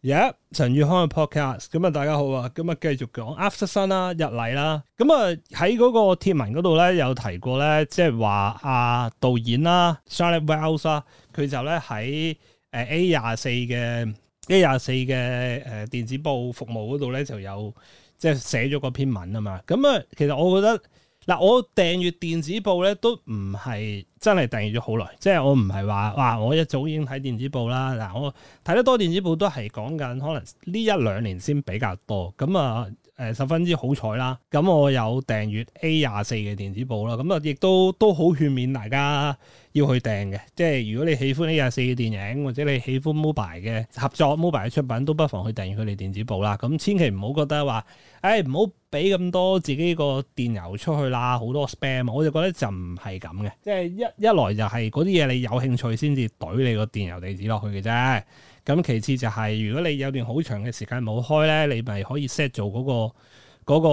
Yeah，陳宇康嘅 podcast，咁啊大家好啊，咁啊繼續講 After Sun 啦，日麗啦，咁啊喺嗰個貼文嗰度咧有提過咧、啊，即係話阿導演啦 Charlotte Wells 啦，佢就咧喺誒 A 廿四嘅 A 廿四嘅誒電子報服務嗰度咧就有即係寫咗個篇文啊嘛，咁、嗯、啊、嗯、其實我覺得。嗱，我訂閱電子報咧都唔係真係訂閱咗好耐，即係我唔係話哇我一早已經睇電子報啦。嗱，我睇得多電子報都係講緊可能呢一兩年先比較多，咁、嗯、啊。誒十分之好彩啦！咁我有訂閱 A 廿四嘅電子報啦，咁啊亦都都好勸勉大家要去訂嘅，即係如果你喜歡 A 廿四嘅電影或者你喜歡 mobile 嘅合作 mobile 嘅出品，都不妨去訂閱佢哋電子報啦。咁千祈唔好覺得話，誒唔好俾咁多自己個電郵出去啦，好多 spam。我就覺得就唔係咁嘅，即係一一來就係嗰啲嘢你有興趣先至隊你個電郵地址落去嘅啫。咁其次就係、係，如果你有段好長嘅時間冇開咧，你咪可以 set 做嗰個嗰、嗰個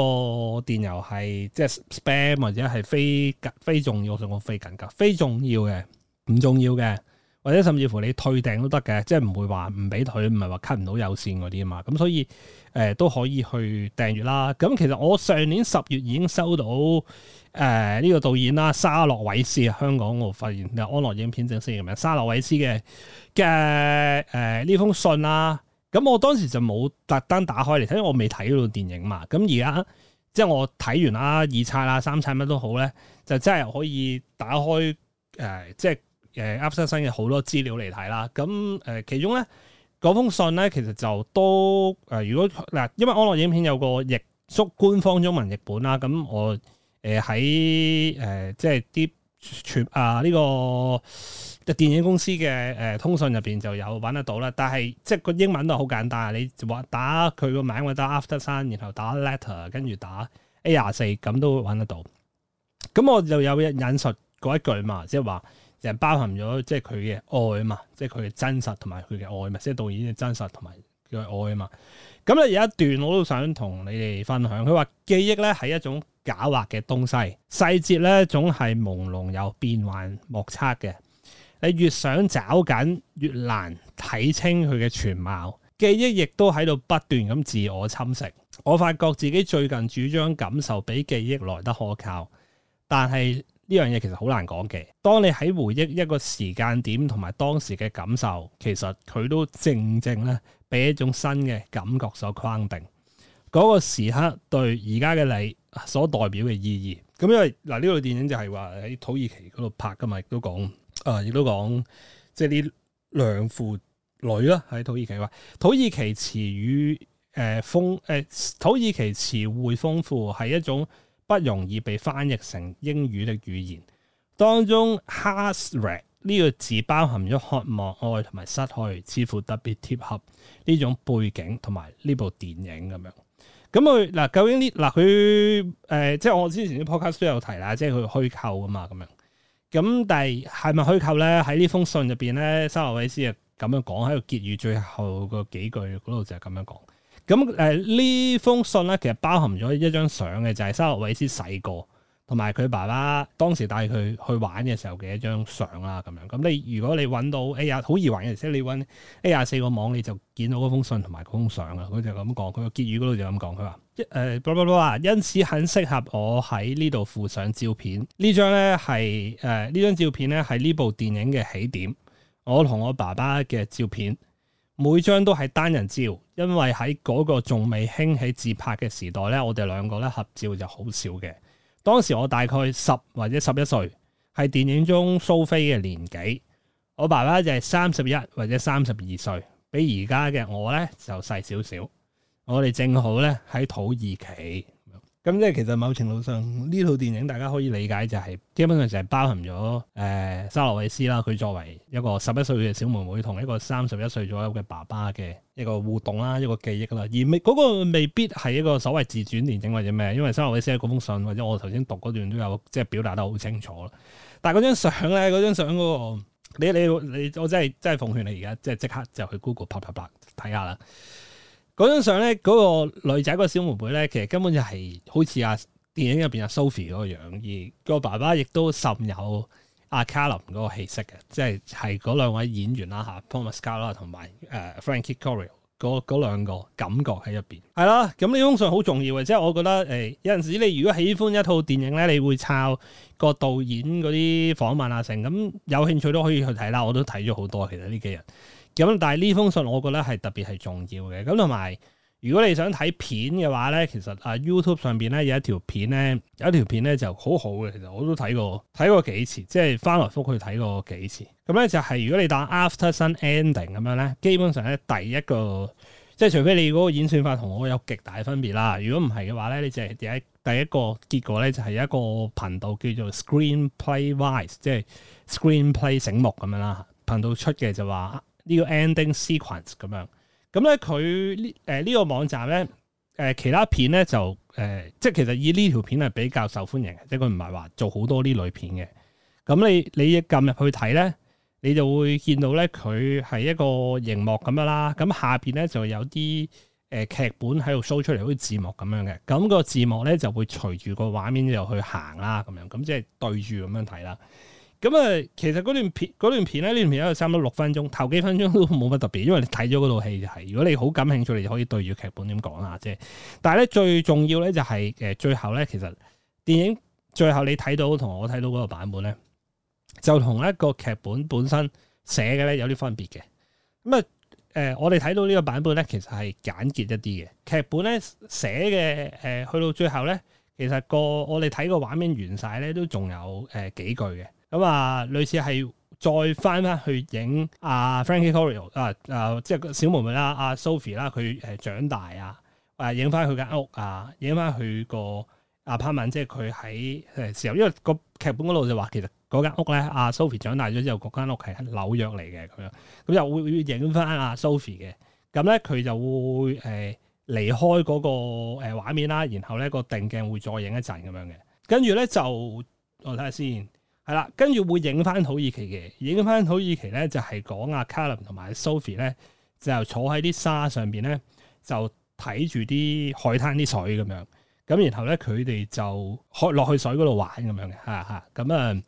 電郵係即係 spam 或者係非非重要上我，我非緊急非重要嘅唔重要嘅。或者甚至乎你退訂都得嘅，即係唔會話唔俾退，唔係話 cut 唔到有線嗰啲啊嘛。咁所以誒、呃、都可以去訂閲啦。咁其實我上年十月已經收到誒呢、呃這個導演啦，沙洛維斯啊，香港我發現安樂影片正式嘅名，沙洛維斯嘅誒誒呢封信啦。咁我當時就冇特登打開嚟睇，因為我未睇呢套電影嘛。咁而家即係我睇完啦，二刷啦、三刷乜都好咧，就真係可以打開誒、呃、即係。誒 Aftersun 嘅好多資料嚟睇啦，咁誒、呃、其中咧嗰封信咧，其實就都誒、呃，如果嗱、呃，因為安樂影片有個譯縮官方中文譯本啦，咁我誒喺誒即係啲全啊呢、這個嘅電影公司嘅誒、呃、通訊入邊就有揾得到啦。但係即係個英文都好簡單，你話打佢個名就得 Aftersun，然後打 letter 跟住打 A24 咁都揾得到。咁我就有引述嗰一句嘛，即係話。人包含咗即係佢嘅愛啊嘛，即係佢嘅真實同埋佢嘅愛嘛，即係導演嘅真實同埋佢嘅愛啊嘛。咁咧有一段我都想同你哋分享，佢話記憶咧係一種狡猾嘅東西，細節咧總係朦朧又變幻莫測嘅。你越想找緊，越難睇清佢嘅全貌。記憶亦都喺度不斷咁自我侵蝕。我發覺自己最近主張感受比記憶來得可靠，但係。呢樣嘢其實好難講嘅。當你喺回憶一個時間點同埋當時嘅感受，其實佢都正正咧俾一種新嘅感覺所框定嗰、那個時刻對而家嘅你所代表嘅意義。咁因為嗱呢套電影就係話喺土耳其嗰度拍噶嘛，亦都講誒，亦、呃、都講即係啲兩父女啦喺土耳其話，土耳其詞語誒豐誒，土耳其詞彙豐富係一種。不容易被翻譯成英語的語言當中 h a r r e a 呢個字包含咗渴望、愛同埋失去，似乎特別貼合呢種背景同埋呢部電影咁樣。咁佢嗱，究竟呢嗱佢誒，即係我之前啲 podcast 都有提啦，即係佢虛構啊嘛，咁樣。咁但係係咪虛構咧？喺呢封信入邊咧，沙羅韋斯啊咁樣講喺度結語最後個幾句嗰度就係咁樣講。咁誒呢封信咧，其實包含咗一張相嘅，就係、是、沙洛維斯細個，同埋佢爸爸當時帶佢去玩嘅時候嘅一張相啦，咁樣。咁你如果你揾到，哎呀，好易揾嘅，即係你揾 A 廿四個網，你就見到封信同埋封相啊。佢就咁講，佢個結語嗰度就咁講，佢話誒，呃 bl ah、blah blah, 因此很適合我喺呢度附上照片。張呢張咧係誒呢張照片咧係呢部電影嘅起點，我同我爸爸嘅照片。每張都係單人照，因為喺嗰個仲未興起自拍嘅時代咧，我哋兩個咧合照就好少嘅。當時我大概十或者十一歲，係電影中蘇菲嘅年紀。我爸爸就係三十一或者三十二歲，比而家嘅我咧就細少少。我哋正好咧喺土耳其。咁即係其實某程度上呢套電影大家可以理解就係、是、基本上就係包含咗誒、呃、沙洛維斯啦，佢作為一個十一歲嘅小妹妹同一個三十一歲左右嘅爸爸嘅一個互動啦，一個記憶啦。而嗰個未必係一個所謂自傳電影或者咩，因為沙洛維斯嗰封信或者我頭先讀嗰段都有即係表達得好清楚啦。但係嗰張相咧，嗰張相嗰個你你你我真係真係奉勸你而家即係即刻就去 Google 啪啪啪睇下啦。嗰張相咧，嗰、嗰個女仔個小妹妹咧，其實根本就係好似阿電影入邊阿 Sophie 嗰個樣，而個爸爸亦都甚有阿 Calum 嗰、um、個氣息嘅，即係係嗰兩位演員啦嚇 Paul Mescal 同埋誒 Frankie Corio 嗰嗰兩個感覺喺入邊，係咯。咁呢張相好重要，嘅。即係我覺得誒、欸、有陣時你如果喜歡一套電影咧，你會抄個導演嗰啲訪問阿成咁有興趣都可以去睇啦。我都睇咗好多，其實呢幾日。咁但係呢封信，我覺得係特別係重要嘅。咁同埋，如果你想睇片嘅話咧，其實啊 YouTube 上邊咧有一條片咧，有一條片咧就好好嘅。其實我都睇過，睇過幾次，即係翻來覆去睇過幾次。咁咧就係如果你打 After Sun Ending 咁樣咧，基本上咧第一個，即係除非你嗰個演算法同我有極大分別啦。如果唔係嘅話咧，你就係第一第一個結果咧就係一個頻道叫做 Screenplay Wise，即係 Screenplay 醒目咁樣啦。頻道出嘅就話。呢個 ending sequence 咁樣，咁咧佢呢誒呢個網站咧誒、呃、其他片咧就誒、呃，即係其實以呢條片係比較受歡迎嘅，即係佢唔係話做好多呢類片嘅。咁、嗯、你你撳入去睇咧，你就會見到咧佢係一個熒幕咁樣啦。咁、嗯、下邊咧就有啲誒劇本喺度 show 出嚟好似字幕咁樣嘅。咁、嗯、個字幕咧就會隨住個畫面就去行啦，咁樣咁即係對住咁樣睇啦。咁啊，其實嗰段片嗰段片咧，段片有差唔多六分鐘，頭幾分鐘都冇乜特別，因為你睇咗嗰套戲就係、是，如果你好感興趣，你就可以對住劇本點講啦啫。但係咧最重要咧就係，誒、呃、最後咧，其實電影最後你睇到同我睇到嗰個版本咧，就同一個劇本本身寫嘅咧有啲分別嘅。咁、嗯、啊，誒、呃、我哋睇到呢個版本咧，其實係簡潔一啲嘅。劇本咧寫嘅，誒、呃、去到最後咧，其實個我哋睇個畫面完晒咧，都仲有誒、呃、幾句嘅。咁啊、嗯，類似係再翻翻去影阿 Frankie Corio 啊，啊，即係小妹妹啦，阿 Sophie 啦，佢誒長大啊，誒影翻佢間屋啊，影翻佢個阿帕文。即係佢喺誒時候，因為個劇本嗰度就話，其實嗰間屋咧，阿、啊、Sophie 長大咗之後，嗰間屋係紐約嚟嘅咁樣，咁又會影翻阿 Sophie 嘅，咁咧佢就會誒離開嗰個誒畫面啦，然後咧個定鏡會再影一陣咁樣嘅，跟住咧就我睇下先。係啦，跟住會影翻土耳其嘅。影翻土耳其咧就係講阿卡林同埋 Sophie 咧就坐喺啲沙上邊咧就睇住啲海灘啲水咁樣，咁然後咧佢哋就落去水嗰度玩咁樣嘅，吓、嗯、吓，咁啊，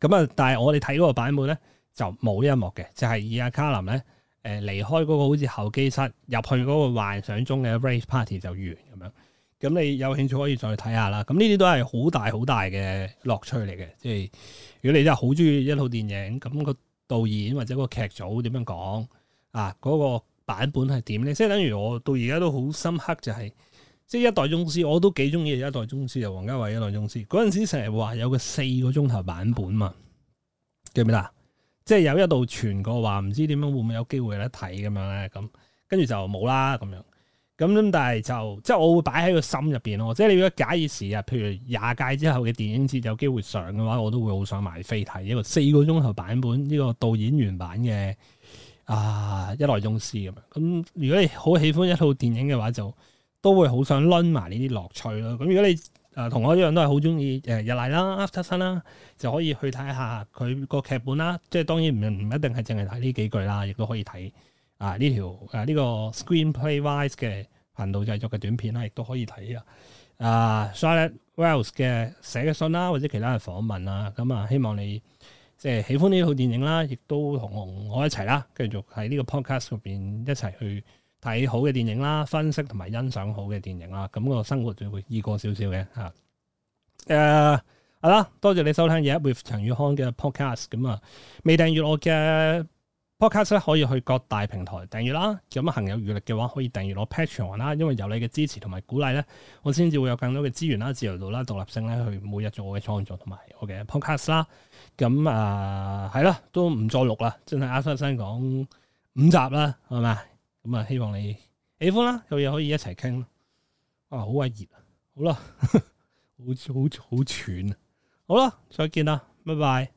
咁啊，但係我哋睇嗰個版本咧就冇呢一幕嘅，就係、是、以阿卡林咧誒離開嗰個好似候機室入去嗰個幻想中嘅 race party 就完咁樣。咁你有興趣可以再睇下啦。咁呢啲都係好大好大嘅樂趣嚟嘅。即係如果你真係好中意一套電影，咁個導演或者個劇組點樣講啊？嗰個版本係點咧？即係等於我到而家都好深刻，就係即係一代宗師，我都幾中意一代宗師啊！王家衞一代宗師嗰陣時成日話有個四個鐘頭版本嘛，記唔記得？即係有一度傳過話，唔知點樣會唔會有機會咧睇咁樣咧？咁跟住就冇啦咁樣。咁但係就即係我會擺喺個心入邊咯。即係你如果假以時日，譬如廿屆之後嘅電影節有機會上嘅話，我都會好想買飛睇一個四個鐘頭版本呢個導演員版嘅，啊一代宗師咁樣。咁如果你好喜歡一套電影嘅話，就都會好想 run 埋呢啲樂趣咯。咁如果你誒、呃、同我一樣都係好中意誒日麗啦、Aftersun 啦，就可以去睇下佢個劇本啦。即係當然唔唔一定係淨係睇呢幾句啦，亦都可以睇。啊！呢條誒呢個 screenplay wise 嘅頻道製作嘅短片啦，亦都可以睇啊！啊，Charlotte Wells 嘅寫嘅信啦，或者其他嘅訪問啊，咁啊，希望你即係、呃、喜歡呢套電影啦，亦都同我一齊啦，繼續喺呢個 podcast 入邊一齊去睇好嘅電影啦，分析同埋欣賞好嘅電影啦，咁、啊嗯這個生活就會易過少少嘅嚇。誒、啊，係、啊、啦、啊，多謝你收聽《日日 with 陳宇康》嘅 podcast，咁啊，未訂閱我嘅。Podcast 咧可以去各大平台訂閱啦，咁行有餘力嘅話可以訂閱我 Patreon 啦，因為有你嘅支持同埋鼓勵咧，我先至會有更多嘅資源啦、自由度啦、獨立性咧去每日做我嘅創作同埋我嘅 Podcast 啦。咁啊係啦，都唔再錄啦，真係阿生先講五集啦，係咪？咁啊，希望你喜歡啦，有嘢可以一齊傾咯。啊，好鬼熱啊！好啦， 好好好喘啊！好啦，再見啦，拜拜。